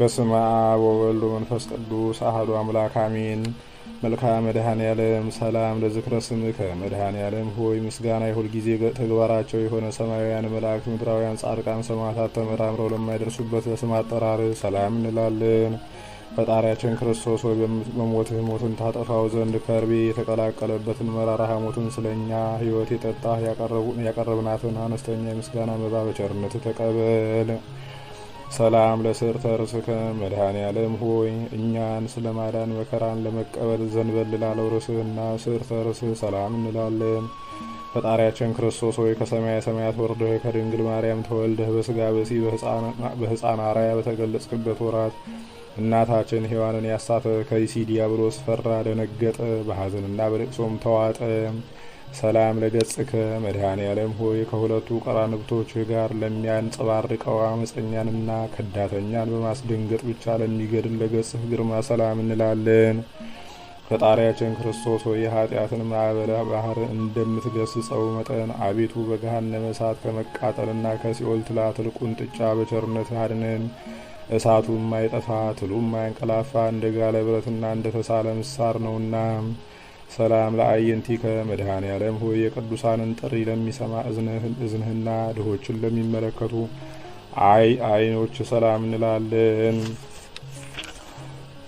በስመ አብ ወወልድ ወመንፈስ ቅዱስ አሐዱ አምላክ አሜን። መልክዓ መድኃኔ ሰላም ለዝክረ ስምከ መድኃኔ ሆይ ምስጋና የሁል ጊዜ ተግባራቸው የሆነ ሰማያውያን መላእክት፣ ምድራውያን ጻድቃን፣ ሰማዕታት ተመራምረው ለማይደርሱበት ለስም አጠራር ሰላም እንላለን። ፈጣሪያችን ክርስቶስ ሆይ በሞትህ ሞትን ታጠፋው ዘንድ ከርቤ የተቀላቀለበትን መራራ ሐሞትን ስለኛ ሕይወት የጠጣህ ያቀረብናትን አነስተኛ የምስጋና መባ በቸርነት ተቀበል። ሰላም ለስርተ ርእስከ መድኃኔ ዓለም ሆይ እኛን ስለ ማዳን መከራን ለመቀበል ዘንበል ላለው ርስህና ስርተ ርእስህ ሰላም እንላለን። ፈጣሪያችን ክርስቶስ ሆይ ከሰማያ ሰማያት ወርደህ ከድንግል ማርያም ተወልደህ በስጋ በሲ በህፃን አርአያ በተገለጽክበት ወራት እናታችን ሔዋንን ያሳተ ከይሲ ዲያብሎስ ፈራ፣ ደነገጠ፣ በሐዘንና በልቅሶም ተዋጠ። ሰላም ለገጽከ መድኃኔ ዓለም ሆይ ከሁለቱ ቀራንብቶችህ ጋር ለሚያንጸባርቀው አመፀኛንና ከዳተኛን በማስደንገጥ ብቻ ለሚገድል ለገጽህ ግርማ ሰላም እንላለን። ፈጣሪያችን ክርስቶስ ሆይ የኃጢአትን ማዕበለ ባህር እንደምትገስጸው መጠን አቤቱ በገሃነመ እሳት ከመቃጠልና ከሲኦል ትልቁን ጥጫ በቸርነት አድነን። እሳቱ የማይጠፋ ትሉ የማያንቀላፋ እንደ ጋለ ብረትና እንደ ተሳለ ምሳር ነውና ሰላም ለአይንቲከ መድኃኔ ዓለም ሆይ የቅዱሳንን ጥሪ ለሚሰማ እዝንህና ድሆችን ለሚመለከቱ አይ አይኖች ሰላም እንላለን።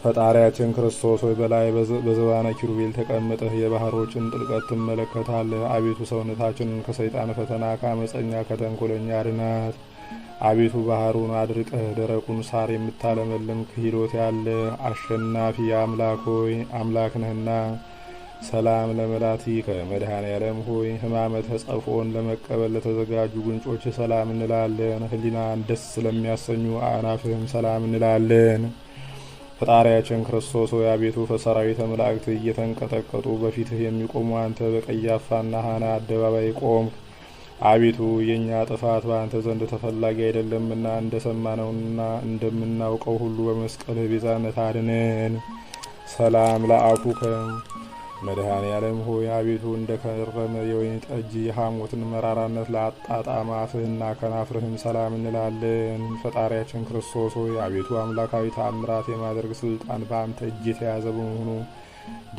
ፈጣሪያችን ክርስቶስ ሆይ በላይ በዘባነ ኪሩቤል ተቀምጠህ የባህሮችን ጥልቀት ትመለከታለህ። አቤቱ ሰውነታችንን ከሰይጣን ፈተና ከአመፀኛ ከተንኮለኛ አድናት። አቤቱ ባህሩን አድርቀህ ደረቁን ሳር የምታለመልም ክሂሎት ያለ አሸናፊ አምላክ ሆይ አምላክ ነህና ሰላም ለመላቲ መድኃኔ ዓለም ሆይ ሕማመ ተጸፎን ለመቀበል ለተዘጋጁ ጉንጮች ሰላም እንላለን። ሕሊናን ደስ ስለሚያሰኙ አእናፍህም ሰላም እንላለን። ፈጣሪያችን ክርስቶስ ሆይ አቤቱ ፈሰራዊተ መላእክት እየተንቀጠቀጡ በፊትህ የሚቆሙ አንተ በቀያፋና ሀና አደባባይ ቆምክ። አቤቱ የእኛ ጥፋት በአንተ ዘንድ ተፈላጊ አይደለምና እንደሰማነውና እንደምናውቀው ሁሉ በመስቀልህ ቤዛነት አድነን። ሰላም ለአፉከ መድኃኔ ዓለም ሆይ አቤቱ እንደ ከረመ የወይን ጠጅ የሐሞትን መራራነት ለአጣጣም አፍህና ከናፍርህም ሰላም እንላለን። ፈጣሪያችን ክርስቶስ ሆይ አቤቱ አምላካዊ ተአምራት የማድረግ ስልጣን በአንተ እጅ የተያዘ በመሆኑ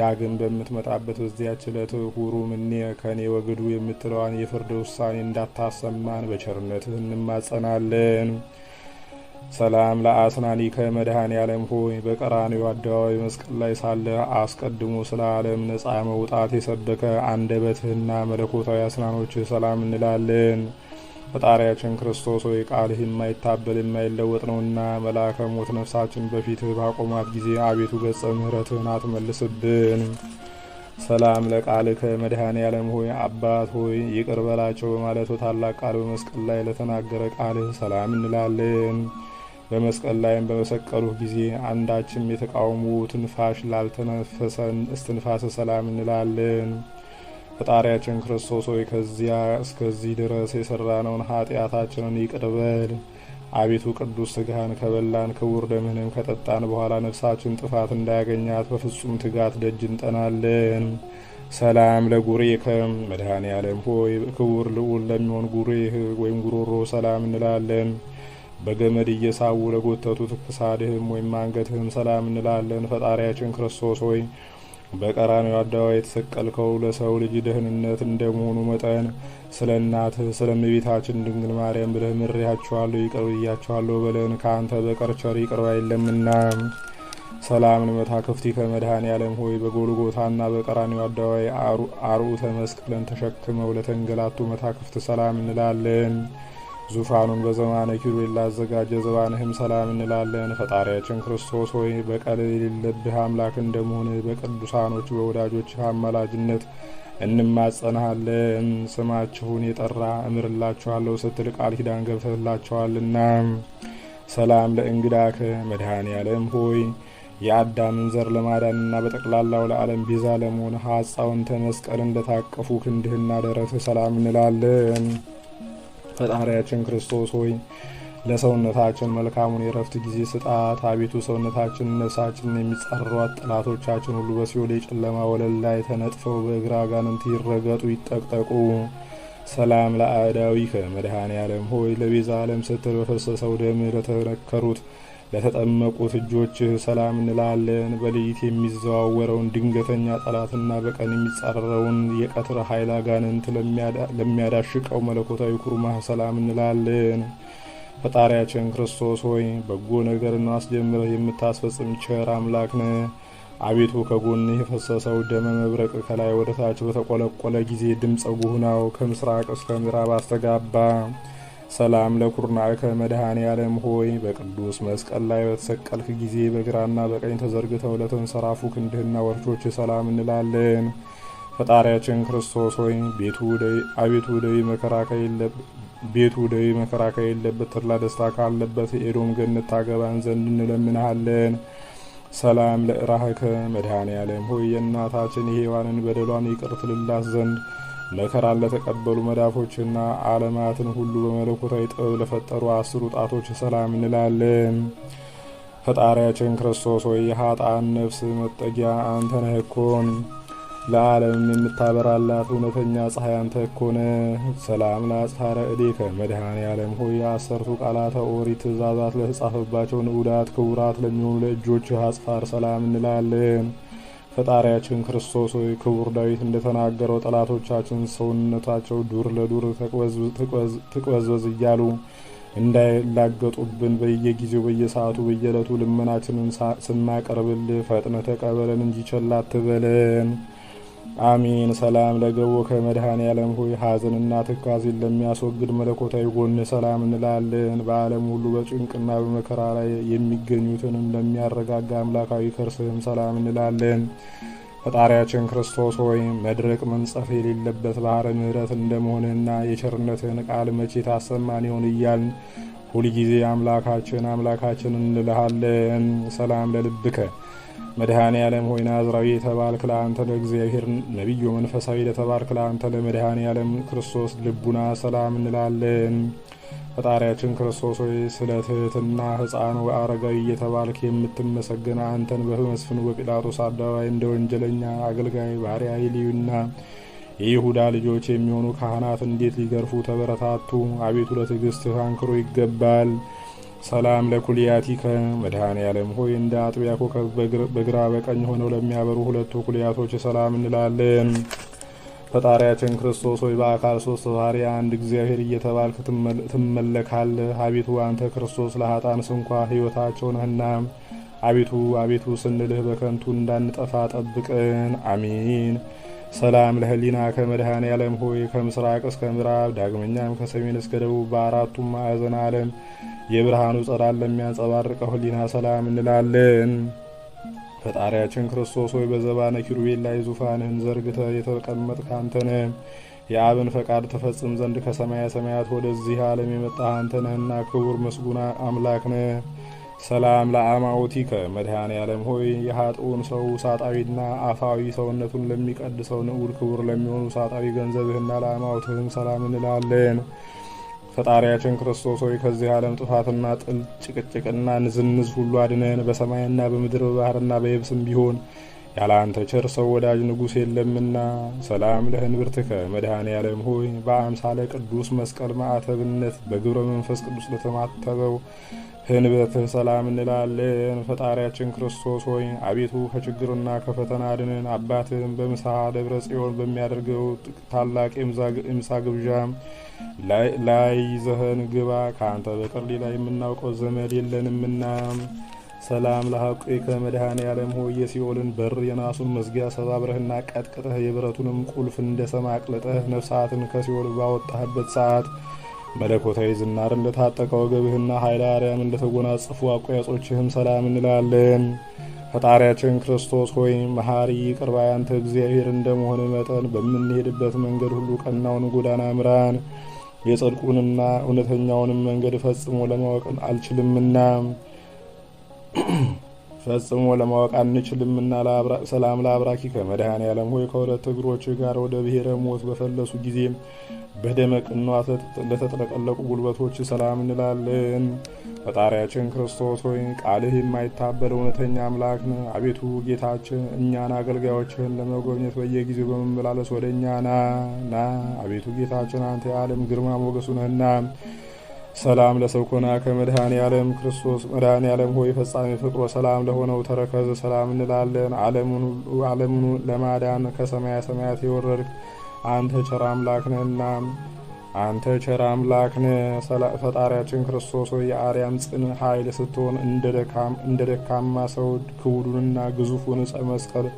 ዳግም በምትመጣበት በዚያች ዕለት ሁሩ ምኔ ከእኔ ወግዱ የምትለዋን የፍርድ ውሳኔ እንዳታሰማን በቸርነትህ እንማጸናለን። ሰላም ለአስናኒ መድኃኔ ዓለም ሆይ በቀራኒ አደባባይ መስቀል ላይ ሳለ አስቀድሞ ስለ ዓለም ነፃ መውጣት የሰበከ አንደበትህና መለኮታዊ አስናኖችህ ሰላም እንላለን። ፈጣሪያችን ክርስቶስ ሆይ ቃልህ የማይታበል የማይለወጥ ነውና መልአከ ሞት ነፍሳችን በፊትህ ባቆማት ጊዜ አቤቱ ገጸ ምሕረትህን አትመልስብን። ሰላም ለቃልከ መድኃኔ ዓለም ሆይ አባት ሆይ ይቅር በላቸው በማለት ታላቅ ቃል በመስቀል ላይ ለተናገረ ቃልህ ሰላም እንላለን። በመስቀል ላይም በመሰቀሉህ ጊዜ አንዳችም የተቃውሞ ትንፋሽ ላልተነፈሰን እስትንፋሰ ሰላም እንላለን። ፈጣሪያችን ክርስቶስ ሆይ ከዚያ እስከዚህ ድረስ የሰራነውን ኃጢአታችንን ይቅር አቤቱ ቅዱስ ስጋህን ከበላን ክቡር ደምህንም ከጠጣን በኋላ ነፍሳችን ጥፋት እንዳያገኛት በፍጹም ትጋት ደጅ እንጠናለን። ሰላም ለጉሬከ መድኃኔ ዓለም ሆይ ክቡር ልዑል ለሚሆን ጉሬህ ወይም ጉሮሮ ሰላም እንላለን። በገመድ እየሳቡ ለጎተቱት ክሳድህም ወይም አንገትህም ሰላም እንላለን። ፈጣሪያችን ክርስቶስ ሆይ በቀራንዮ አደባባይ የተሰቀልከው ለሰው ልጅ ደህንነት እንደመሆኑ መጠን ስለ እናትህ ስለ እመቤታችን ድንግል ማርያም ብለህ ምሬያችኋለሁ፣ ይቅር ብያችኋለሁ በለን። ከአንተ በቀር ቸር ይቅር ሰላም የለምና። ሰላም ለመታክፍቲከ መድኃኔዓለም ሆይ በጎልጎታና በቀራንዮ አደባባይ አርዑተ መስቀልን ተሸክመው ለተንገላቱ መታክፍት ሰላም እንላለን። ዙፋኑን በዘማነ ኪሩቤል ላዘጋጀ ዘባንህም ሰላም እንላለን። ፈጣሪያችን ክርስቶስ ሆይ በቀል የሌለብህ አምላክ እንደመሆን በቅዱሳኖች በወዳጆች አመላጅነት እንማጸናሃለን። ስማችሁን የጠራ እምርላችኋለሁ ስትል ቃል ኪዳን ገብተላችኋልና ሰላም ለእንግዳከ መድኃኔ ዓለም ሆይ የአዳምን ዘር ለማዳንና በጠቅላላው ለዓለም ቤዛ ለመሆን ሀጻውን ተመስቀል እንደታቀፉ ክንድህና ደረት ሰላም እንላለን። ፈጣሪያችን ክርስቶስ ሆይ ለሰውነታችን መልካሙን የረፍት ጊዜ ስጣት። አቤቱ ሰውነታችን ነፍሳችንን የሚጻሯት ጠላቶቻችን ሁሉ በሲኦል የጨለማ ወለል ላይ ተነጥፈው በእግር አጋንንት ይረገጡ፣ ይጠቅጠቁ። ሰላም ለአእዳዊከ መድኃኔ ዓለም ሆይ ለቤዛ ዓለም ስትል በፈሰሰው ደም ለተነከሩት ለተጠመቁት እጆችህ ሰላም እንላለን። በሌሊት የሚዘዋወረውን ድንገተኛ ጠላትና በቀን የሚጻረረውን የቀትር ኃይል አጋንንት ለሚያዳሽቀው መለኮታዊ ኩርማህ ሰላም እንላለን። ፈጣሪያችን ክርስቶስ ሆይ በጎ ነገርን አስጀምረህ የምታስፈጽም ቸር አምላክ ነህ። አቤቱ ከጎንህ የፈሰሰው ደመ መብረቅ ከላይ ወደ ታች በተቆለቆለ ጊዜ ድምፀ ጉህናው ከምስራቅ እስከ ምዕራብ አስተጋባ። ሰላም አከ መድኃኔ ዓለም ሆይ በቅዱስ መስቀል ላይ በተሰቀልክ ጊዜ በግራና በቀኝ ተዘርግተው ለተንሰራፉ ክንድህና ወርቾች ሰላም እንላለን። ፈጣሪያችን ክርስቶስ ሆይ አቤቱ ደዌ መከራ ቤቱ ደይ መከራ ከሌለበት ተድላ ደስታ ካለበት ኤዶም ገነት ታገባን ዘንድ እንለምንሃለን። ሰላም ለእራህከ መድኃኔ ዓለም ሆይ የእናታችን የሔዋንን በደሏን ይቅር ትልላት ዘንድ መከራን ለተቀበሉ መዳፎችና ዓለማትን ሁሉ በመለኮታዊ ጥበብ ለፈጠሩ አስሩ ጣቶች ሰላም እንላለን። ፈጣሪያችን ክርስቶስ ሆይ የኃጥአን ነፍስ መጠጊያ አንተ ነህ እኮን ለዓለም የምታበራላት እውነተኛ ፀሐይ አንተ እኮነ። ሰላም ለአጽሐረ እዴከ መድኃኔ ዓለም ሆይ አሰርቱ ቃላተ ኦሪት ትእዛዛት ለተጻፈባቸው ንዑዳት ክቡራት ለሚሆኑ ለእጆች አጽፋር ሰላም እንላለን። ፈጣሪያችን ክርስቶስ ሆይ ክቡር ዳዊት እንደተናገረው ጠላቶቻችን ሰውነታቸው ዱር ለዱር ትቅበዝበዝ እያሉ እንዳይላገጡብን በየጊዜው በየሰዓቱ በየዕለቱ ልመናችንን ስናቀርብል ፈጥነ ተቀበለን እንጂ ቸል አትበለን። አሚን። ሰላም ለገቦከ ያለም ሆይ ሐዘንና ትካዜን ለሚያስወግድ መለኮታዊ ጎን ሰላም እንላለን። በዓለም ሁሉ በጭንቅና በመከራ ላይ የሚገኙትንም ለሚያረጋጋ አምላካዊ ከርስህም ሰላም እንላለን። ፈጣሪያችን ክርስቶስ ሆይ መድረቅ መንጸፍ የሌለበት ባህረ ምሕረት እንደመሆንህና የቸርነትህን ቃል መቼ ታሰማን ይሆን እያልን ሁልጊዜ አምላካችን አምላካችን እንልሃለን። ሰላም ለልብከ መድኃኔ ዓለም ሆይ ናዝራዊ የተባልክ ለአንተ ለእግዚአብሔር ነቢዩ መንፈሳዊ ለተባልክ ለአንተ ለመድኃኔ ዓለም ክርስቶስ ልቡና ሰላም እንላለን። ፈጣሪያችን ክርስቶስ ሆይ ስለ ትህትና ሕፃን አረጋዊ እየተባልክ የምትመሰገን አንተን በመስፍኑ በጲላጦስ አደባባይ እንደ ወንጀለኛ አገልጋይ ባሪያ ይልዩና የይሁዳ ልጆች የሚሆኑ ካህናት እንዴት ሊገርፉ ተበረታቱ? አቤቱ ለትዕግስትህ አንክሮ ይገባል። ሰላም ለኩልያቲከ መድኃኔ ዓለም ሆይ እንደ አጥቢያ ኮከብ በግራ በቀኝ ሆነው ለሚያበሩ ሁለቱ ኩልያቶች ሰላም እንላለን። ፈጣሪያችን ክርስቶስ ሆይ በአካል ሶስት ባህሪ አንድ እግዚአብሔር እየተባልክ ትመለካለህ። አቤቱ አንተ ክርስቶስ ለሀጣን ስንኳ ሕይወታቸው ነህና አቤቱ አቤቱ ስንልህ በከንቱ እንዳንጠፋ ጠብቅን። አሚን ሰላም ለህሊና ከመድኃኔ ዓለም ሆይ ከምስራቅ እስከ ምዕራብ ዳግመኛም ከሰሜን እስከ ደቡብ በአራቱም ማዕዘን ዓለም የብርሃኑ ጸዳል ለሚያንጸባርቀው ህሊና ሰላም እንላለን። ፈጣሪያችን ክርስቶስ ሆይ በዘባነ ኪሩቤል ላይ ዙፋንህን ዘርግተ የተቀመጥ ካንተነ የአብን ፈቃድ ተፈጽም ዘንድ ከሰማያ ሰማያት ወደዚህ ዓለም የመጣህ አንተነህና ክቡር ምስጉና አምላክ ነህ። ሰላም ለአማውቲከ መድኃኔ ዓለም ሆይ የሀጡን ሰው ሳጣዊና አፋዊ ሰውነቱን ለሚቀድሰው ንዑድ ክቡር ለሚሆኑ ሳጣዊ ገንዘብህና ለአማውትህም ሰላም እንላለን። ፈጣሪያችን ክርስቶስ ሆይ ከዚህ ዓለም ጥፋትና ጥል፣ ጭቅጭቅና ንዝንዝ ሁሉ አድነን። በሰማይና በምድር በባህርና በየብስም ቢሆን ያለ አንተ ቸር ሰው ወዳጅ ንጉሥ የለምና። ሰላም ለህንብርትከ መድኃኔ ዓለም ሆይ በአምሳለ ቅዱስ መስቀል ማዕተብነት በግብረ መንፈስ ቅዱስ ለተማተበው ህንበትህ ሰላም እንላለን። ፈጣሪያችን ክርስቶስ ሆይ አቤቱ ከችግርና ከፈተና አድንን። አባትህም በምስሐ ደብረ ጽዮን በሚያደርገው ታላቅ የምሳ ግብዣ ላይ ይዘኸን ግባ። ከአንተ በቀር ሌላ የምናውቀው ዘመድ የለንምና ሰላም ለሐቁ መድኃኔ ዓለም ሆይ የሲኦልን በር የናሱን መዝጊያ ሰባብረህና ቀጥቅጠህ የብረቱንም ቁልፍ እንደ ሰማ አቅልጠህ ነፍሳትን ከሲኦል ባወጣህበት ሰዓት መለኮታዊ ዝናር እንደታጠቀ ወገብህና ኃይለ አርያም እንደተጎናጸፉ አቆያጾችህም ሰላም እንላለን። ፈጣሪያችን ክርስቶስ ሆይ መሐሪ ይቅር ባይ አንተ እግዚአብሔር እንደመሆን መጠን በምንሄድበት መንገድ ሁሉ ቀናውን ጎዳና ምራን፣ የጽድቁንና እውነተኛውንም መንገድ ፈጽሞ ለማወቅን አልችልምና ፈጽሞ ለማወቅ አንችልምና ሰላም ለአብራኪ መድኃኔ ዓለም ሆይ ከሁለት እግሮች ጋር ወደ ብሔረ ሞት በፈለሱ ጊዜ በደመ ቅኗት ጉልበቶች ሰላም እንላለን። ፈጣሪያችን ክርስቶስ ሆይ ቃልህ የማይታበል እውነተኛ አምላክ ነ አቤቱ ጌታችን እኛን አገልጋዮችህን ለመጎብኘት በየጊዜው በመመላለስ ወደ እኛ ና ና አቤቱ ጌታችን አንተ የዓለም ግርማ ሞገሱ ነህና ሰላም ለሰብኮና ከመድኃኔ ዓለም ክርስቶስ መድኃኔ ዓለም ሆይ ፈጻሚ ፍቅሮ ሰላም ለሆነው ተረከዝ ሰላም እንላለን። ዓለሙን ለማዳን ከሰማያ ሰማያት የወረድክ አንተ ቸር አምላክ ነህና አንተ ቸር አምላክ ነህ። ፈጣሪያችን ክርስቶስ ሆይ የአርያም ጽን ኃይል ስትሆን እንደ ደካማ ሰው ክውዱንና ግዙፉን ዕፀ መስቀል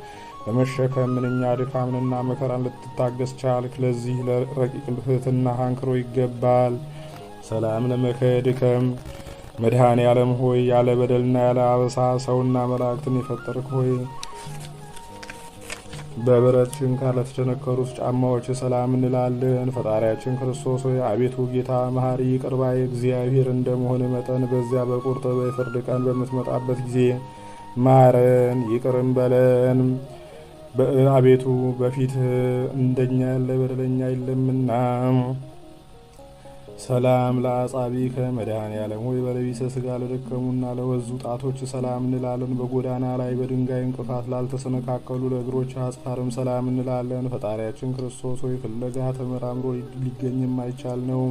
ለመሸከም ምንኛ ድካምንና መከራን ልትታገስ ቻልክ። ለዚህ ለረቂቅ ልፍትና አንክሮ ይገባል። ሰላም ለመከድከም መድኃኔ ዓለም ሆይ ያለ በደልና ያለ አበሳ ሰውና መላእክትን የፈጠርክ ሆይ በብረት ችንካር ለተቸነከሩት ጫማዎች ሰላም እንላለን። ፈጣሪያችን ክርስቶስ ሆይ አቤቱ ጌታ መሐሪ ቅርባይ እግዚአብሔር እንደመሆን መጠን በዚያ በቁርጥ በፍርድ ቀን በምትመጣበት ጊዜ ማረን ይቅርም በለን። አቤቱ በፊት እንደኛ ያለ በደለኛ የለምና ሰላም ለአጻቢከ መድኃኔ ዓለም ሆይ በለቢሰ ስጋ ለደከሙና ለወዙ ጣቶች ሰላም እንላለን። በጎዳና ላይ በድንጋይ እንቅፋት ላልተሰነካከሉ ለእግሮች አጽፋርም ሰላም እንላለን። ፈጣሪያችን ክርስቶስ ሆይ ፍለጋ ተመራምሮ ሊገኝ የማይቻል ነው።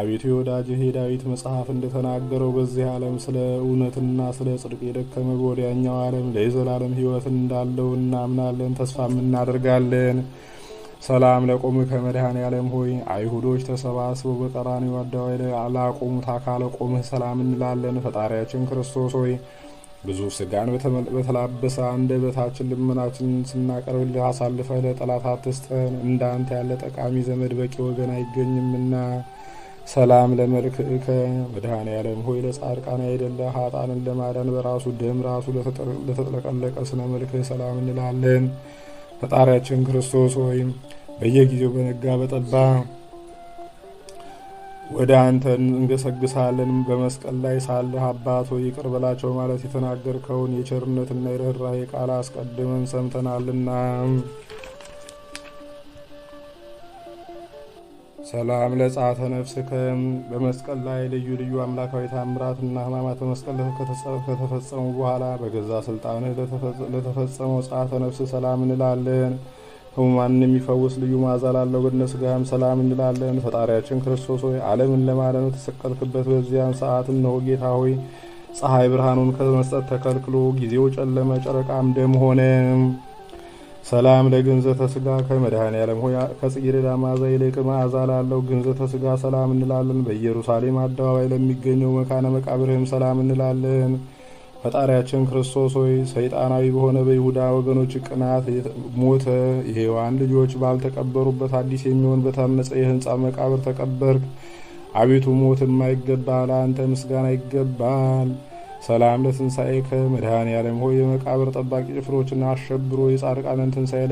አቤቱ የወዳጅህ የዳዊት መጽሐፍ እንደተናገረው በዚህ ዓለም ስለ እውነትና ስለ ጽድቅ የደከመ በወዲያኛው ዓለም ለዘላለም ሕይወት እንዳለው እናምናለን፣ ተስፋም እናደርጋለን። ሰላም ለቆምከ መድኃኔዓለም ሆይ አይሁዶች ተሰባስበው በቀራንዮ አደባባይ ላቆሙት አካለ ቆምህ ሰላም እንላለን። ፈጣሪያችን ክርስቶስ ሆይ ብዙ ስጋን በተላበሰ አንደበታችን ልመናችንን ስናቀርብልህ አሳልፈህ ለጠላት አትስጠን፣ እንዳንተ ያለ ጠቃሚ ዘመድ በቂ ወገን አይገኝምና። ሰላም ለመልክዕከ መድኃኔዓለም ሆይ ለጻድቃን አይደለ ሀጣንን ለማዳን በራሱ ደም ራሱ ለተጥለቀለቀ ስነ መልክህ ሰላም እንላለን። ፈጣሪያችን ክርስቶስ ሆይ በየጊዜው በነጋ በጠባ ወደ አንተ እንገሰግሳለን። በመስቀል ላይ ሳለህ አባቶ ይቅር በላቸው ማለት የተናገርከውን የቸርነትና የርኅራኄ ቃል አስቀድመን ሰምተናልና ሰላም ለጻተ ነፍስክም በመስቀል ላይ ልዩ ልዩ አምላካዊ ታምራትና ሕማማተ መስቀል ከተፈጸሙ በኋላ በገዛ ስልጣንህ ለተፈጸመው ጻተ ነፍስ ሰላም እንላለን። ሕሙማንን የሚፈውስ ልዩ መዓዛ ላለው ገድለ ሥጋህም ሰላም እንላለን። ፈጣሪያችን ክርስቶስ ሆይ ዓለምን ለማዳን የተሰቀልክበት በዚያን ሰዓት እነሆ ጌታ ሆይ ፀሐይ ብርሃኑን ከመስጠት ተከልክሎ ጊዜው ጨለመ፣ ጨረቃም ደም ሆነ። ሰላም ለግንዘተ ስጋ ከመድኃኔ ዓለም ሆይ ከጽጌረዳ መዓዛ ይልቅ መዓዛ ላለው ግንዘተ ስጋ ሰላም እንላለን። በኢየሩሳሌም አደባባይ ለሚገኘው መካነ መቃብርህም ሰላም እንላለን። ፈጣሪያችን ክርስቶስ ሆይ ሰይጣናዊ በሆነ በይሁዳ ወገኖች ቅናት ሞተ። የሔዋን ልጆች ባልተቀበሩበት አዲስ የሚሆን በታነጸ የህንፃ መቃብር ተቀበርክ። አቤቱ ሞት የማይገባ ለአንተ ምስጋና ይገባል። ሰላም ለትንሣኤ መድኃኔ ዓለም ሆይ የመቃብር ጠባቂ ጭፍሮችና አሸብሮ የጻድቃንን ትንሣኤ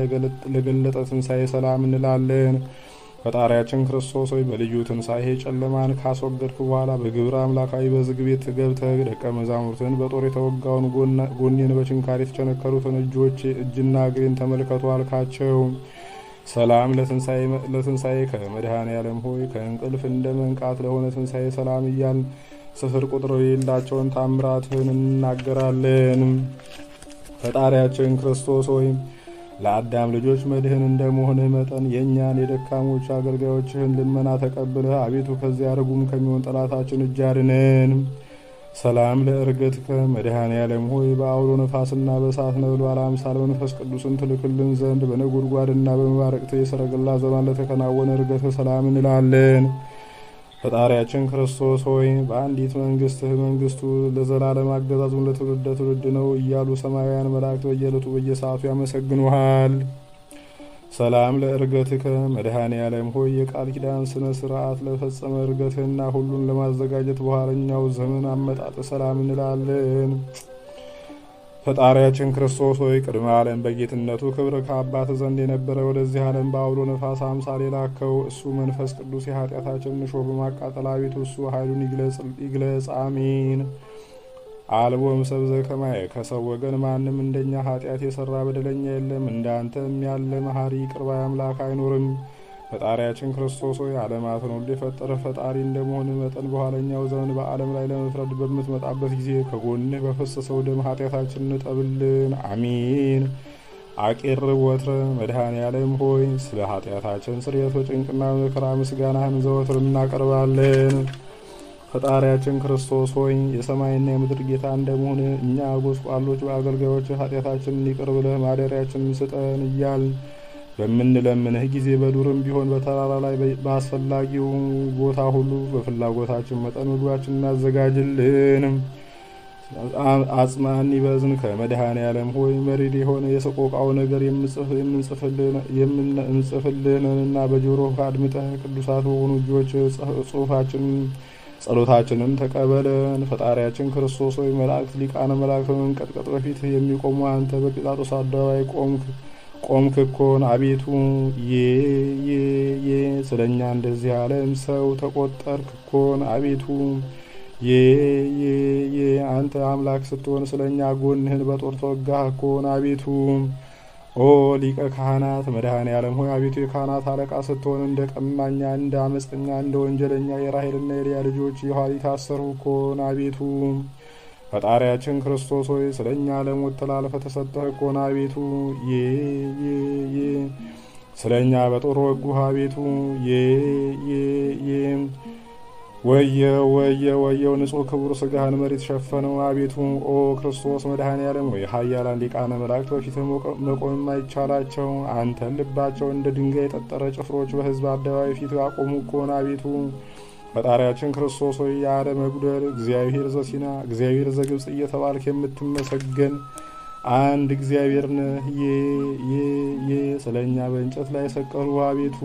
ለገለጠ ትንሣኤ ሰላም እንላለን። ፈጣሪያችን ክርስቶስ ሆይ በልዩ ትንሣኤ ጨለማን ካስወገድክ በኋላ በግብር አምላካዊ በዝግ ቤት ገብተህ ደቀ መዛሙርትን በጦር የተወጋውን ጎኔን በችንካር የተቸነከሩትን እጆች እጅና እግሬን ተመልከቱ አልካቸው። ሰላም ለትንሣኤ ከመድኃኔ ዓለም ሆይ ከእንቅልፍ እንደ መንቃት ለሆነ ትንሣኤ ሰላም እያልን ስፍር ቁጥር የሌላቸውን ታምራትህን እንናገራለን። ፈጣሪያችን ክርስቶስ ወይም ለአዳም ልጆች መድህን እንደመሆንህ መጠን የእኛን የደካሞች አገልጋዮችህን ልመና ተቀብለህ አቤቱ ከዚያ ርጉም ከሚሆን ጠላታችን እጅ አድነን። ሰላም ለእርገትከ ያለም ሆይ በአውሎ ነፋስና በእሳት ነበልባል አምሳል መንፈስ ቅዱስን ትልክልን ዘንድ በነጎድጓድና በመባረቅት የሰረገላ ዘመን ለተከናወነ እርገትህ ሰላም እንላለን። ፈጣሪያችን ክርስቶስ ሆይ በአንዲት መንግስትህ መንግስቱ ለዘላለም አገዛዙን ለትውልደ ትውልድ ነው እያሉ ሰማያውያን መላእክት በየዕለቱ በየሰዓቱ ያመሰግኑሃል። ሰላም ለእርገትከ መድኃኔ ዓለም ሆይ የቃል ኪዳን ስነ ስርዓት ለፈጸመ እርገትህና ሁሉን ለማዘጋጀት በኋለኛው ዘመን አመጣጥ ሰላም እንላለን። ፈጣሪያችን ክርስቶስ ሆይ ቅድመ ዓለም በጌትነቱ ክብር ከአባት ዘንድ የነበረ ወደዚህ ዓለም በአውሎ ነፋስ አምሳል የላከው እሱ መንፈስ ቅዱስ የኃጢአታችን ንሾ በማቃጠል አቤቱ እሱ ኃይሉን ይግለጽ አሜን። አልቦም ሰብዘ ከማየ ከሰው ወገን ማንም እንደኛ ኃጢአት የሰራ በደለኛ የለም እንዳንተም ያለ መሐሪ ቅርባዊ አምላክ አይኖርም። ፈጣሪያችን ክርስቶስ ሆይ ዓለማትን ሁሉ የፈጠረ ፈጣሪ እንደመሆን መጠን በኋለኛው ዘመን በዓለም ላይ ለመፍረድ በምትመጣበት ጊዜ ከጎንህ በፈሰሰው ደም ኃጢአታችን እንጠብልን፣ አሚን። አቂር ወትረ መድኃኔዓለም ሆይ ስለ ኃጢአታችን ስርየት በጭንቅና መከራ ምስጋናህን ዘወትር እናቀርባለን። ፈጣሪያችን ክርስቶስ ሆይ የሰማይና የምድር ጌታ እንደመሆን እኛ ጎስቋሎች በአገልጋዮች ኃጢአታችን ይቅር ብለህ ስጠን እያል በምንለምንህ ጊዜ በዱርም ቢሆን በተራራ ላይ በአስፈላጊው ቦታ ሁሉ በፍላጎታችን መጠን ምግባችን እናዘጋጅልን። አጽማኒ በዝን ከመድኃኔ ዓለም ሆይ መሪድ የሆነ የሰቆቃው ነገር የምንጽፍልህንና በጆሮ አድምጠህ ቅዱሳት በሆኑ እጆች ጽሑፋችን ጸሎታችንን ተቀበለን። ፈጣሪያችን ክርስቶስ ሆይ መላእክት ሊቃነ መላእክት በመንቀጥቀጥ በፊት የሚቆሙ አንተ በጲላጦስ አደባባይ ቆምክ። ቆምክ እኮን አቤቱ የየየ ስለኛ እንደዚህ ዓለም ሰው ተቆጠርክ እኮን አቤቱ የየየ አንተ አምላክ ስትሆን ስለኛ ጎንህን በጦር ተወጋህ እኮን አቤቱ ኦ ሊቀ ካህናት መድኃኔ ዓለም ሆይ አቤቱ የካህናት አለቃ ስትሆን እንደ ቀማኛ እንደ አመፀኛ እንደ ወንጀለኛ የራሄልና የልያ ልጆች የኋሊ ታሰሩ እኮን አቤቱ ፈጣሪያችን ክርስቶስ ሆይ ስለ እኛ ለሞት ተላልፈ ተሰጠ እኮና አቤቱ ዬ ስለ እኛ በጦር ወጉህ አቤቱ ዬ ወየ ወየ ወየው ንጹህ ክቡር ስጋህን መሬት ሸፈነው አቤቱ ኦ ክርስቶስ መድኃኔ ዓለም ወይ ኃያላን ሊቃነ መላእክት በፊት መቆም የማይቻላቸው አንተን ልባቸው እንደ ድንጋይ የጠጠረ ጭፍሮች በህዝብ አደባባይ ፊት አቆሙ እኮን አቤቱ ፈጣሪያችን ክርስቶስ ሆይ ያለ መጉደል እግዚአብሔር ዘሲና እግዚአብሔር ዘግብጽ እየተባልክ የምትመሰገን አንድ እግዚአብሔር ነህ። የ የ ስለ እኛ በእንጨት ላይ ሰቀሉ አቤቱ።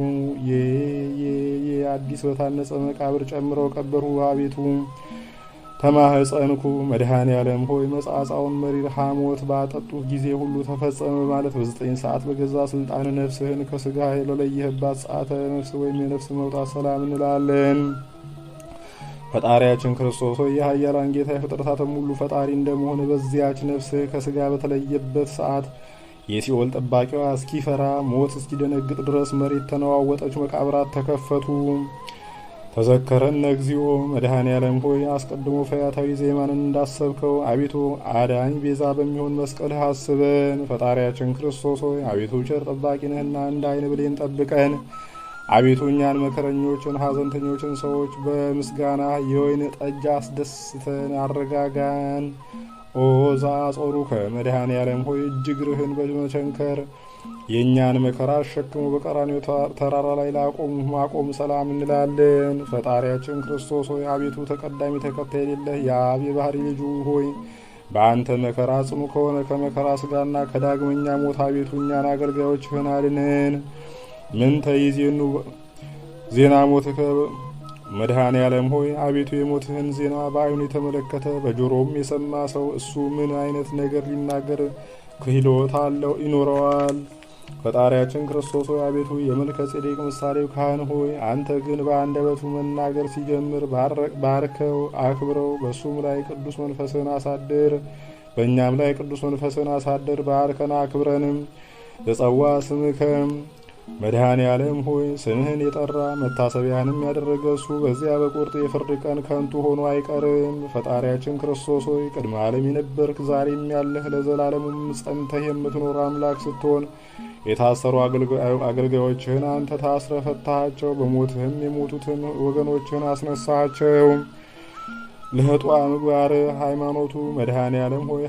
የ የ አዲስ በታነጸ መቃብር ጨምረው ቀበሩ አቤቱ። ተማህፀንኩ መድኃኔ ዓለም ሆይ መጻጻውን መሪር ሐሞት ባጠጡህ ጊዜ ሁሉ ተፈጸመ ማለት በዘጠኝ ሰዓት በገዛ ስልጣን ነፍስህን ከስጋ ለለየህባት ሰዓተ ነፍስ ወይም የነፍስ መውጣት ሰላም እንላለን። ፈጣሪያችን ክርስቶስ ሆይ የኃያላን ጌታ የፍጥረታትም ሁሉ ፈጣሪ እንደመሆን በዚያች ነፍስህ ከስጋ በተለየበት ሰዓት የሲኦል ጠባቂዋ እስኪፈራ ሞት እስኪደነግጥ ድረስ መሬት ተነዋወጠች፣ መቃብራት ተከፈቱ። ተዘከረን እግዚኦ መድሃን ያለም ሆይ አስቀድሞ ፈያታዊ ዜማንን እንዳሰብከው አቤቱ አዳኝ ቤዛ በሚሆን መስቀልህ አስበን። ፈጣሪያችን ክርስቶስ ሆይ አቤቱ ቸር ጠባቂ ነህና እንደ ዓይን ብሌን ጠብቀን። አቤቱ እኛን መከረኞችን ሐዘንተኞችን ሰዎች በምስጋና የወይን ጠጅ አስደስተን አረጋጋን። ኦዛ ጾሩ መድኃኔ ዓለም ሆይ እጅግ ርህን በመቸንከር የእኛን መከራ አሸክሞ በቀራኒው ተራራ ላይ ላቆም ማቆም ሰላም እንላለን። ፈጣሪያችን ክርስቶስ ሆይ አቤቱ ተቀዳሚ ተከታይ የሌለህ የአብ የባህሪ ልጁ ሆይ በአንተ መከራ ጽኑ ከሆነ ከመከራ ስጋና ከዳግመኛ ሞት አቤቱ እኛን አገልጋዮች ይሆናልንን ምን ተይዜኑ ዜና ሞትከ መድኃኔ ዓለም ሆይ አቤቱ የሞትህን ዜና በዓይኑ የተመለከተ በጆሮውም የሰማ ሰው እሱ ምን አይነት ነገር ሊናገር ክህሎት አለው ይኖረዋል? ፈጣሪያችን ክርስቶስ ሆይ አቤቱ የመልከ ጼዴቅ ምሳሌው ካህን ሆይ አንተ ግን በአንደበቱ መናገር ሲጀምር ባርከው፣ አክብረው። በእሱም ላይ ቅዱስ መንፈስን አሳድር፣ በእኛም ላይ ቅዱስ መንፈስን አሳድር። ባርከን አክብረንም ለጸዋ ስምከም መድኃኔ ዓለም ሆይ ስምህን የጠራ መታሰቢያንም ያደረገ እሱ በዚያ በቁርጥ የፍርድ ቀን ከንቱ ሆኖ አይቀርም። ፈጣሪያችን ክርስቶስ ሆይ ቅድመ ዓለም የነበርክ ዛሬም ያለህ ለዘላለሙም ጸንተህ የምትኖር አምላክ ስትሆን የታሰሩ አገልጋዮችህን አንተ ታስረ ፈታሃቸው፣ በሞትህም የሞቱትን ወገኖችህን አስነሳቸው። ልህጧ ምግባር ሃይማኖቱ መድኃኔ ዓለም ሆይ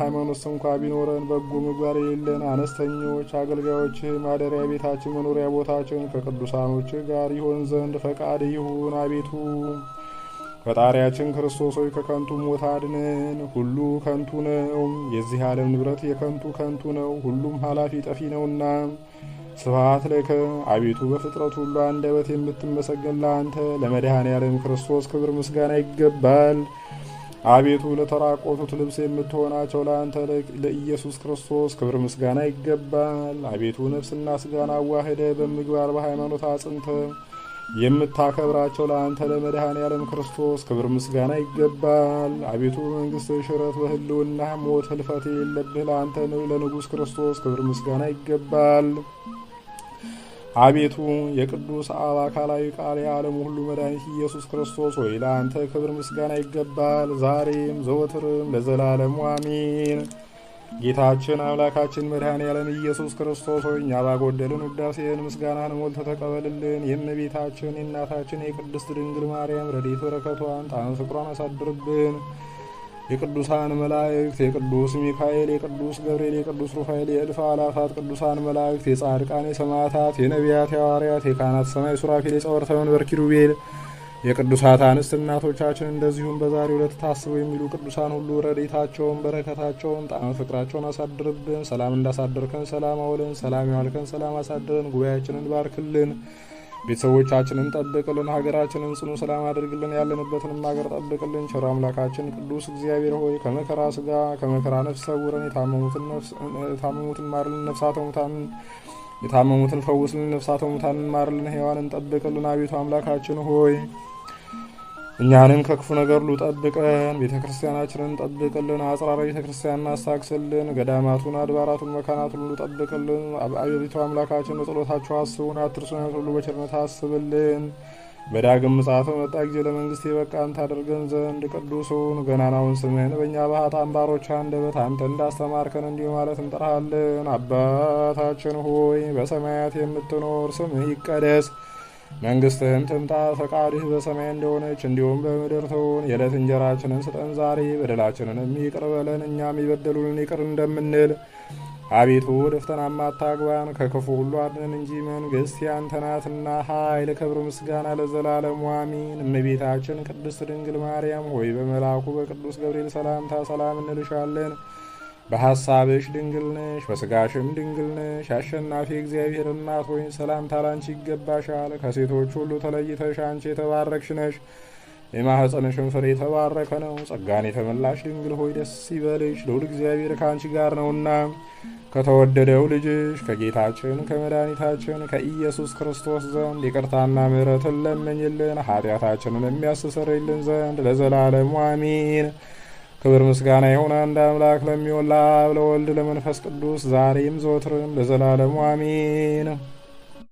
ሃይማኖት ስንኳ ቢኖረን በጎ ምግባር የሌለን አነስተኞች አገልጋዮች ማደሪያ ቤታችን መኖሪያ ቦታችን ከቅዱሳኖች ጋር ይሆን ዘንድ ፈቃድ ይሁን። አቤቱ ፈጣሪያችን ክርስቶስ ሆይ ከከንቱ ሞት አድነን። ሁሉ ከንቱ ነው። የዚህ ዓለም ንብረት የከንቱ ከንቱ ነው። ሁሉም ኃላፊ ጠፊ ነውና ስብሐት ለከ አቤቱ በፍጥረት ሁሉ አንደበት የምትመሰገን ለአንተ ያለም ክርስቶስ ክብር ምስጋና ይገባል። አቤቱ ለተራቆቱት ልብስ የምትሆናቸው ለአንተ ለኢየሱስ ክርስቶስ ክብር ምስጋና ይገባል። አቤቱ ነፍስና ስጋን አዋህደ በምግባር በሃይማኖት አጽንተ የምታከብራቸው ለአንተ ያለም ክርስቶስ ክብር ምስጋና ይገባል። አቤቱ መንግስት ሽረት በህልውና ሞት ህልፈት የለብህ ለአንተ ለንጉሥ ክርስቶስ ክብር ምስጋና ይገባል። አቤቱ የቅዱስ አብ አካላዊ ቃል የዓለም ሁሉ መድኃኒት ኢየሱስ ክርስቶስ ሆይ ለአንተ ክብር ምስጋና ይገባል፣ ዛሬም ዘወትርም ለዘላለሙ አሜን። ጌታችን አምላካችን መድኃኔ ዓለም ኢየሱስ ክርስቶስ ሆይ እኛ ባጎደልን ውዳሴን ምስጋናን ሞልተህ ተቀበልልን። የእመቤታችን የእናታችን የቅድስት ድንግል ማርያም ረድኤት በረከቷን ጣዕመ ፍቅሯን አሳድርብን። የቅዱሳን መላእክት የቅዱስ ሚካኤል፣ የቅዱስ ገብርኤል፣ የቅዱስ ሩፋኤል፣ የእልፍ አላፋት ቅዱሳን መላእክት፣ የጻድቃን፣ የሰማዕታት፣ የነቢያት፣ የሐዋርያት፣ የካህናት ሰማይ ሱራፊል፣ የጸወርተ መንበር ኪሩቤል፣ የቅዱሳት አንስት እናቶቻችን እንደዚሁም በዛሬ ዕለት ታስበው የሚሉ ቅዱሳን ሁሉ ረድኤታቸውን፣ በረከታቸውን፣ ጣዕመ ፍቅራቸውን አሳድርብን። ሰላም እንዳሳደርከን ሰላም አውለን፣ ሰላም ያዋልከን ሰላም አሳድረን፣ ጉባኤያችንን ባርክልን ቤተሰቦቻችንን ጠብቅልን፣ ሀገራችንን ጽኑ ሰላም አድርግልን፣ ያለንበትንም ሀገር ጠብቅልን። ቸሮ አምላካችን ቅዱስ እግዚአብሔር ሆይ ከመከራ ስጋ ከመከራ ነፍስ ሰውረን፣ የታመሙትን ማርልን፣ ነፍሳተ ሙታንን የታመሙትን ፈውስልን፣ ነፍሳተ ሙታንን ማርልን፣ ሕያዋንን ጠብቅልን። አቤቱ አምላካችን ሆይ እኛንም ከክፉ ነገር ሁሉ ጠብቀን፣ ቤተ ክርስቲያናችንን ጠብቅልን፣ አጽራረ ቤተ ክርስቲያን አሳግስልን፣ ገዳማቱን፣ አድባራቱን፣ መካናቱን ሁሉ ጠብቅልን። አቤቱ አምላካችን በጸሎታችሁ አስቡን፣ አትርሱን፣ ሁሉ በቸርነት አስብልን። በዳግም ምጽአት መጣ ጊዜ ለመንግስት የበቃን ታደርገን ዘንድ ቅዱሱን ገናናውን ስምህን በእኛ በኃጥአን ባሮች አንደበት አንተ እንዳስተማርከን እንዲሁ ማለት እንጠራሃለን። አባታችን ሆይ በሰማያት የምትኖር ስምህ ይቀደስ መንግስትህን ትምጣ፣ ፈቃድህ በሰማይ እንደሆነች እንዲሁም በምድር ትሁን። የዕለት እንጀራችንን ስጠን ዛሬ፣ በደላችንን ይቅር በለን እኛም የበደሉልን ይቅር እንደምንል አቤቱ ወደ ፈተናም አታግባን ከክፉ ሁሉ አድነን እንጂ መንግስት ያንተ ናትና፣ ኃይል፣ ክብር፣ ምስጋና ለዘላለሙ አሚን። እመቤታችን ቅድስት ድንግል ማርያም ሆይ በመልአኩ በቅዱስ ገብርኤል ሰላምታ ሰላም እንልሻለን። በሐሳብሽ ድንግል ነሽ፣ በሥጋሽም ድንግል ነሽ። አሸናፊ እግዚአብሔር እናት ሆይ ሰላምታ ላንቺ ይገባሻል። ከሴቶች ሁሉ ተለይተሽ አንቺ የተባረክሽ ነሽ፣ የማኅፀንሽም ፍሬ የተባረከ ነው። ጸጋን የተመላሽ ድንግል ሆይ ደስ ይበልሽ፣ ልዑል እግዚአብሔር ከአንቺ ጋር ነውና ከተወደደው ልጅሽ ከጌታችን ከመድኃኒታችን ከኢየሱስ ክርስቶስ ዘንድ ይቅርታና ምሕረትን ለመኝልን ኃጢአታችንን የሚያስተሰርይልን ዘንድ ለዘላለሙ አሚን። ክብር ምስጋና የሆነ አንድ አምላክ ለሚወላ ለወልድ ለመንፈስ ቅዱስ ዛሬም ዘወትርም ለዘላለሙ አሜን።